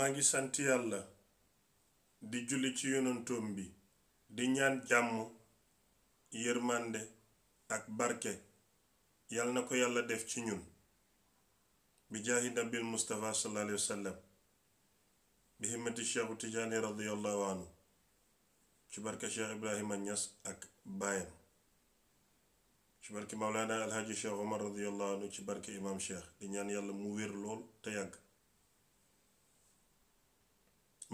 maa ngi sant yàlla di julli ci yonantoom bi di ñaan jàmm yërmande ak barke yàlla na ko yàlla def ci ñun bi jaahi nabil mustafa sallallahu alayhi wa sallam bi himmati cheikhu tijaani radiallahu anhu ci barke cheikh ibrahima ñas ak baayam ci barke mawlaana alhaji cheikh omar radiallahu anhu ci barke imam cheikh di ñaan yàlla mu wér lool te yàgg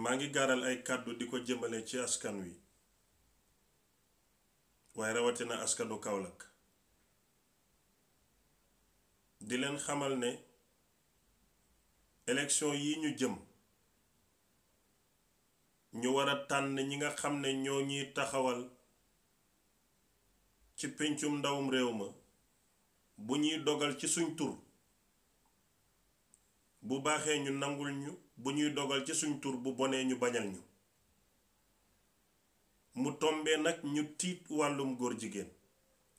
maa ngi gaaral ay kàddu di ko jëmale ci askan wi waaye rawatina askanu Kaolack di leen xamal ne élection yi ñu jëm ñu war a tànn ñi nga xam ne ñoo ñuy taxawal ci péncum ndawum réew ma bu ñuy dogal ci suñ tur bu baaxee ñu nangul ñu bu ñuy dogal ci suñ tur bu bonee ñu bañal ñu mu tombee nag ñu tiit wàllum góor jigéen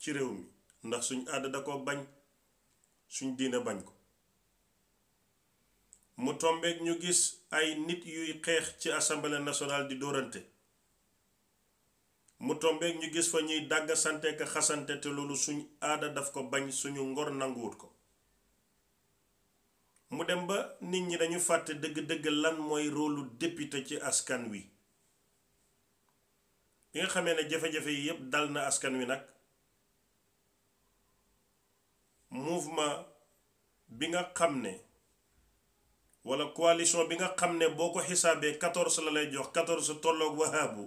ci réew mi ndax suñ aada da ko bañ suñ diina bañ ko mu tombeek ñu gis ay nit yuy xeex ci assemblée nationale di dóorante mu tombeek ñu gis fa ñuy dàgg sante xasante te loolu suñ aada daf ko bañ suñu ngor nanguwut ko mu dem ba nit ñi dañu fàtte dëgg-dëgg lan mooy rôlu député ci askan wi bi nga xamee ne jafe-jafe yi yépp dal na askan wi nag mouvement bi nga xam ne wala coalition bi nga xam ne boo ko xisaabee quatorze la lay jox quatorze tolloog wahaabu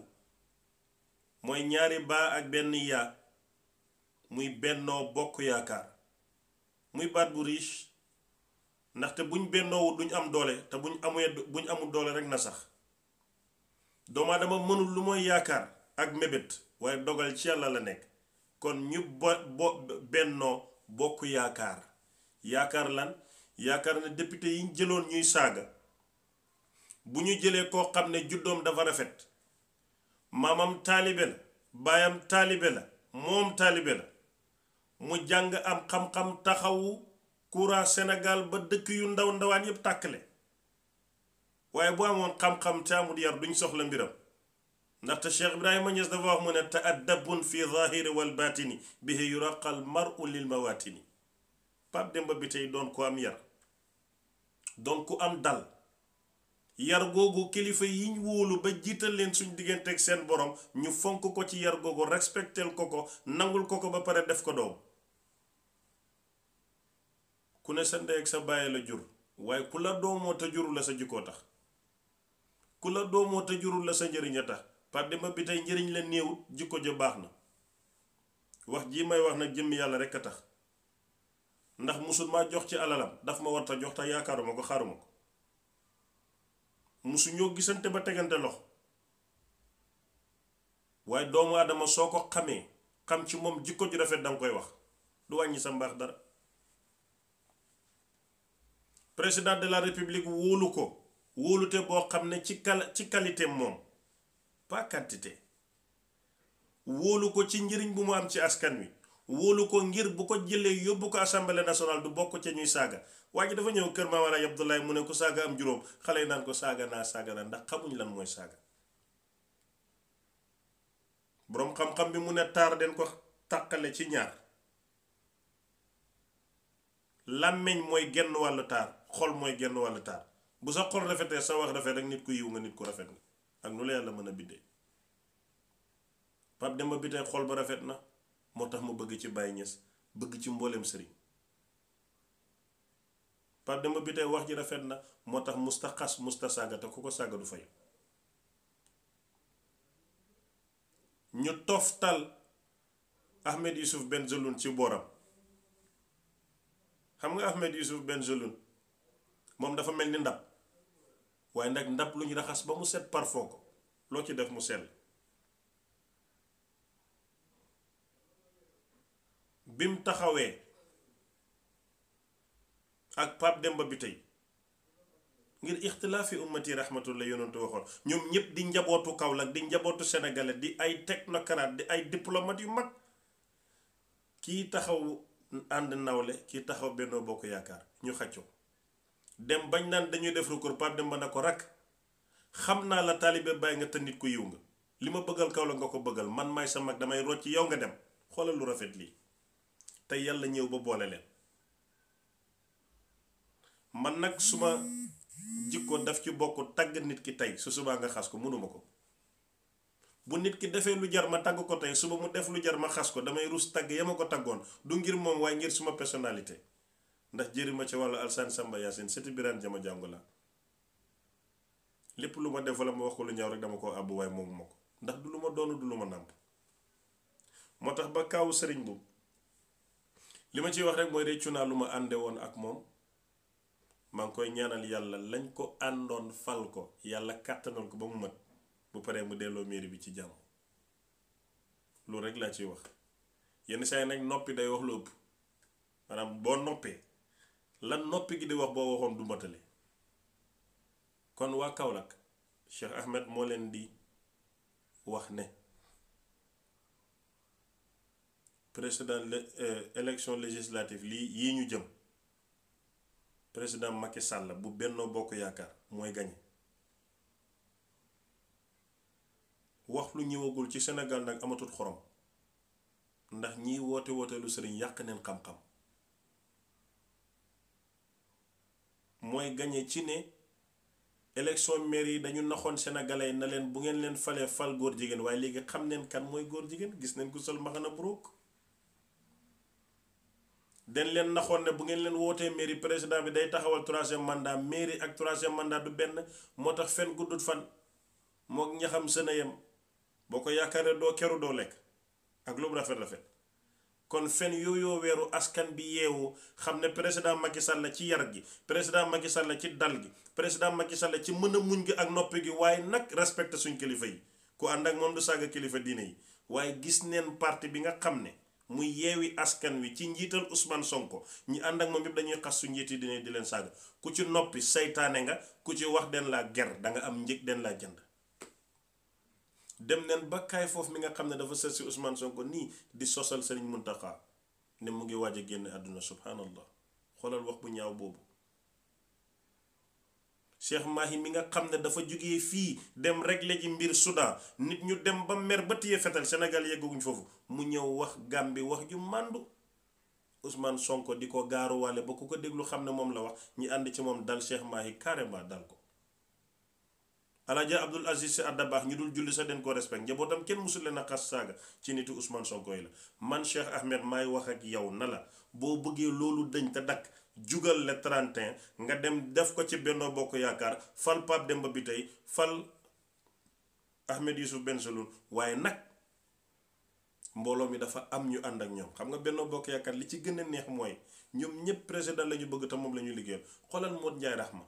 mooy ñaari baa ak benn yaa muy bennoo bokk yaakaar muy baat bu riche ndaxte buñ bennoowut duñ am doole te buñ amee buñ amul doole rek na sax doomu aadama mënul lu mooy yaakaar ak mébét waaye dogal ci yàlla la nekk kon ñu bo bo bennoo bokk yaakaar yaakaar lan yaakaar na député yiñ jëloon ñuy saaga bu ñu jëlee koo xam ne juddoom dafa rafet maamam taalibe la baayam taalibe la moom taalibe la mu jàng am xam-xam taxawu courant Sénégal ba dëkk yu ndaw ndawaan yépp tàkkale waaye bu amoon xam-xam te amul yar duñ soxla mbiram ndaxte Cheikh Ibrahima Niass dafa wax mu ne taaddabun fi zahiri wal batini bihi yuraqal maru lil mawatini Pape Demba bi tey doon ku am yar doon ku am dal yar googu kilifa yiñ wóolu ba jiital leen suñ digganteeg seen borom ñu fonk ko ci yar googu respectel ko ko nangul ko ko ba pare def ko doom ku ne sa ndey ak sa bàyyi la jur waaye ku la doomoo te jurul la sa jikkoo tax ku la doomoo te jurul la sa njëriñ a tax par démb bi tey njëriñ la néewut jikko ja baax na wax jii may wax na jëmm yàlla rekk a tax ndax musul maa jox ci alalam daf ma war ta jox te yaakaaruma ko xaaruma ko musu ñoo gisante ba tegante loxo waaye doomu aadama soo ko xamee xam ci moom jikko ju rafet danga koy wax du wàññi sa mbaax dara président de la république wóolu ko wóolute boo xam ne ci kal ci qualité moom pas quantité wóolu ko ci njëriñ bu mu am ci askan wi wóolu ko ngir bu ko jëlee yóbbu ko assemblée nationale du bokk ca ñuy saaga waa ji dafa ñëw kër Maam Alaaji Abdoulaye mu ne ko saaga am juróom xale yi naan ko saaga naa saaga naa ndax xamuñu lan mooy saaga boroom xam-xam bi mu ne taar den ko tàqale ci ñaar làmmiñ mooy genn wàllu taar xol mooy genn wàll taar bu sa xol rafetee sa wax rafet rek nit ku yiw nga nit ku rafet nga ak nu la yàlla mën a bindee Pape Demba bi tey xol ba rafet na moo tax mu bëgg ci Baye Niass bëgg ci mboolem sëriñ Pape Demba bi tey wax ji rafet na moo tax musta xas musta saaga te ku ko saaga du fay ñu toftal Ahmed benn Bengelloune ci booram xam nga Ahmed benn Bengelloune moom dafa mel ni ndab waaye nag ndab lu raxas ba mu set parfum ko loo ci def mu sell bim taxawee ak Pape Demba bi tey ngir ixtilaafi ummati la yonentu waxoon ñoom ñëpp di njabootu Kaolack di njabootu sénégalais di ay teg technocrate di ay diplomate yu mag kii taxawu ànd nawle kii taxaw Benno Bokk Yaakaar ñu xàccoo dem bañ naan dañuy def recours Pape Demba na ko rakk xam naa la taalibe bàyyi nga te nit ku yiw nga li ma bëggal kaw la nga ko bëggal man may sa mag damay rocc yow nga dem xoolal lu rafet lii tey yàlla ñëw ba boole leen man nag suma jikko daf ci bokk tàgg nit ki tey su subaa nga xas ko mënuma ko bu nit ki defee lu jar ma tàgg ko tey suba mu def lu jar ma xas ko damay rus tàgg ya ma ko tàggoon du ngir moom waaye ngir suma personnalité ndax jërima ci wàllu alsan samba yaasin sëti biraan jama jàngu la lépp lu ma def wala ma wax ko lu ñaaw rek dama ko àbb waaye moom ma ko ndax du lu ma doonu du lu ma nàmp moo tax ba kaawu sëriñ boobu li ma ciy wax rek mooy réccu naa lu ma ànde woon ak moom maa ngi koy ñaanal yàlla lañ ko àndoon fal ko yàlla kàttanal ko ba mu mat bu paree mu delloo mairie bi ci jàmm loolu rek laa ciy wax yenn saa yi nag noppi day wax lu ëpp maanaam boo noppee lan noppi gi di wax boo waxoon du mbatale kon waa Kaolack Cheikh Ahmed moo leen di wax ne président euh, élection législative lii yii ñu jëm président Macky Sall bu Benno Bokk Yaakaar mooy gañe wax lu ñëwagul ci Sénégal nag amatul xorom ndax ñiy woote wooteelu sëriñ yàq neen xam-xam mooy gañe ci ne élection mairie yi dañu naxoon sénégalais na leen bu ngeen leen falee fal góor jigéen waaye léegi xam neen kan mooy góor jigéen gis neen ku sol mbaxana buróog dañ leen naxoon ne bu ngeen leen wootee mairie président bi day taxawal troisième mandat mairie ak troisième mandat du benn moo tax fen guddut fan mook ñaxam sën a yem boo ko yaakaaree doo keru doo lekk ak lu mu rafet rafet kon fen yooyu weeru askan bi yeewu xam ne président Macky Sall ci yar gi président Macky Sall ci dal gi président Macky la ci mën a muñ gi ak noppi gi waaye nag respecté suñ kilifa yi ku ànd ak moom du saaga kilifa dina yi waaye gis neen parti bi nga xam ne mu yeewi askan wi ci njiital Ousmane Sonko ñi ànd ak moom yëpp dañuy xas su njiit yi dinañ di leen saaga ku ci noppi saytaane nga ku ci wax den laa ger da nga am njëg den laa jënd dem neen ba kaay foofu mi nga xam ne dafa sës si Ousmane Sonko nii di sosal Sëriñ Muntaxa ne mu ngi waaj a génn àdduna subhanallah xoolal wax bu ñaaw boobu Cheikh Mahi mi nga xam ne dafa jóge fii dem réglé ji mbir Soudan nit ñu dem ba mer ba téye fetal senegal yegguñ foofu mu ñëw wax Gàmbi wax ju màndu Ousmane Sonko di ko gaaruwaale ba ku ko déglu xam ne moom la wax ñu ànd ci moom dal Cheikh Mahi carrément dal ko alaaja Abdul Aziz Si Adda baax ñu dul julli sax den koo respect njabootam kenn musul leen a xas saaga ci nitu Ousmane Sonko yi la man Cheikh Ahmed maay wax ak yow na la boo bëggee loolu dañ te dakk jugal le 31 nga dem def ko ci Benno Bokk Yaakaar fal Pape Demba bi tey fal Ahmed benn Bengelloune waaye nag mbooloo mi dafa am ñu ànd ak ñoom xam nga Benno Bokk Yaakaar li ci gën a neex mooy ñoom ñëpp président la ñu bëgg te moom la ñu liggéeyal xoolal Modou Ndiaye Rahma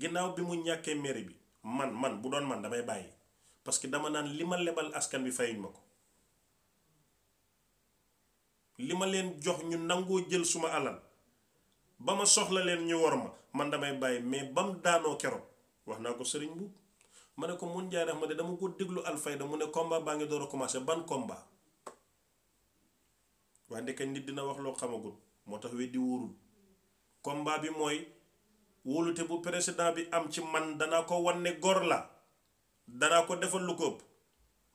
ginnaaw bi mu ñàkkee mairie bi man man bu doon man damay bàyyi parce que dama naan li ma lebal askan bi fayuñ ma ko li ma leen jox ñu nangoo jël suma alal ba ma soxla leen ñu war ma man damay bàyyi mais bam daanoo keroog wax naa ko sëriñ bu ma ne ko mun jaay ma de dama ko déglu Alfayda mu ne combat baa ngi door a commencé ban combat waaye ndeke nit dina wax loo xamagul moo tax di wóorul combat bi mooy wóolute bu président bi am ci man dana ko wanne gor la danaa ko defal lu ko ëpp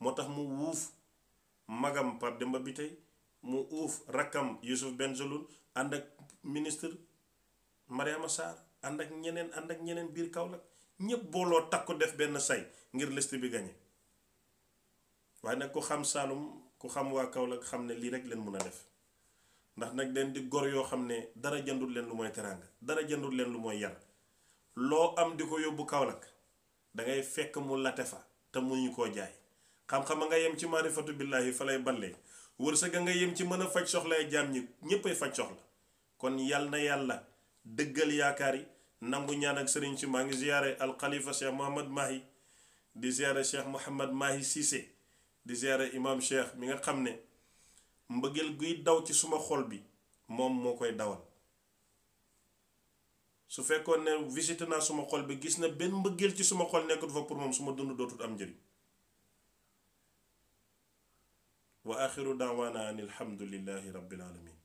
moo tax mu wuuf magam Pape Demba bi tey mu uuf rakkam benn Bengelloune ànd ak ministre Mariama Sarr ànd ak ñeneen ànd ak ñeneen biir Kaolack ñëpp booloo takku def benn say ngir liste bi gañe waaye nag ku xam Saalum ku xam waa kawlak xam ne lii rek leen mun a def ndax nag leen di gor yoo xam ne dara jëndul leen lu mooy teraanga dara jëndul leen lu mooy yar loo am di ko yóbbu Kaolack da ngay fekk mu late fa te mu ñu koo jaay xam-xam a nga yem ci maarifatu billaahi fa lay ballee wërsëg a nga yem ci mën a faj soxlay jaam ñi ay faj soxla kon yal na yàlla dëggal yaakaar yi nangu ñaan ak sëriñ si maa ngi ziyaare alxalifa cheikh mohamad mahi di ziyaare cheikh mohamad mahi Cissé di ziyaare imam cheikh mi nga xam ne mbëggeel guy daw ci suma xol bi moom moo koy dawal su fekkoon ne visité naa suma xol bi gis na benn mbëggeel ci suma xol nekkut fa pour moom suma dund dootul am njëriñ wa axiru daawaana an alhamdulillahi rabbil alamin